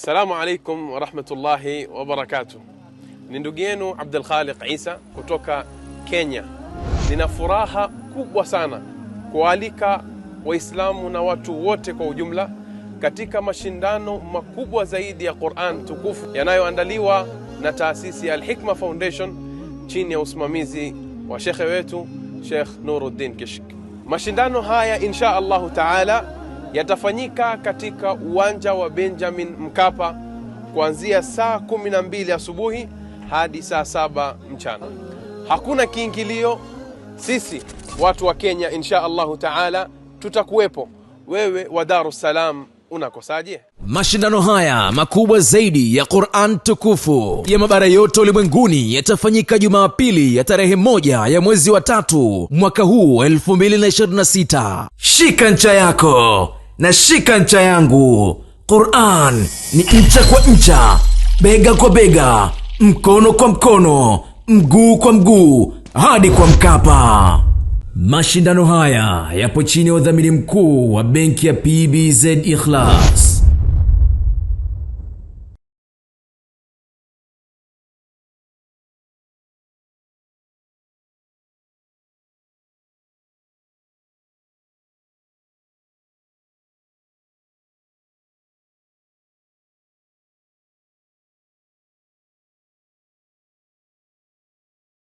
Assalamu alaikum warahmatullahi wabarakatuh. Ni ndugu yenu Abdul Khaliq Isa kutoka Kenya. Nina furaha kubwa sana kualika Waislamu na watu wote kwa ujumla katika mashindano makubwa zaidi ya Quran tukufu yanayoandaliwa na taasisi ya al Foundation chini ya usimamizi wa shekhe wetu Sheikh Nuruddin Kishk. Mashindano haya insha Allahu taala yatafanyika katika uwanja wa Benjamin Mkapa kuanzia saa kumi na mbili asubuhi hadi saa saba mchana. Hakuna kiingilio. Sisi watu wa Kenya insha Allahu taala tutakuwepo. Wewe wa Daru Salam unakosaje? Mashindano haya makubwa zaidi ya Qur'an tukufu ya mabara yote ulimwenguni yatafanyika Jumapili ya tarehe moja ya mwezi wa tatu mwaka huu 2026. Shika ncha yako nashika ncha yangu. Qur'an ni ncha kwa ncha, bega kwa bega, mkono kwa mkono, mguu kwa mguu, hadi kwa Mkapa. Mashindano haya yapo chini ya udhamini mkuu wa benki ya PBZ Ikhlas.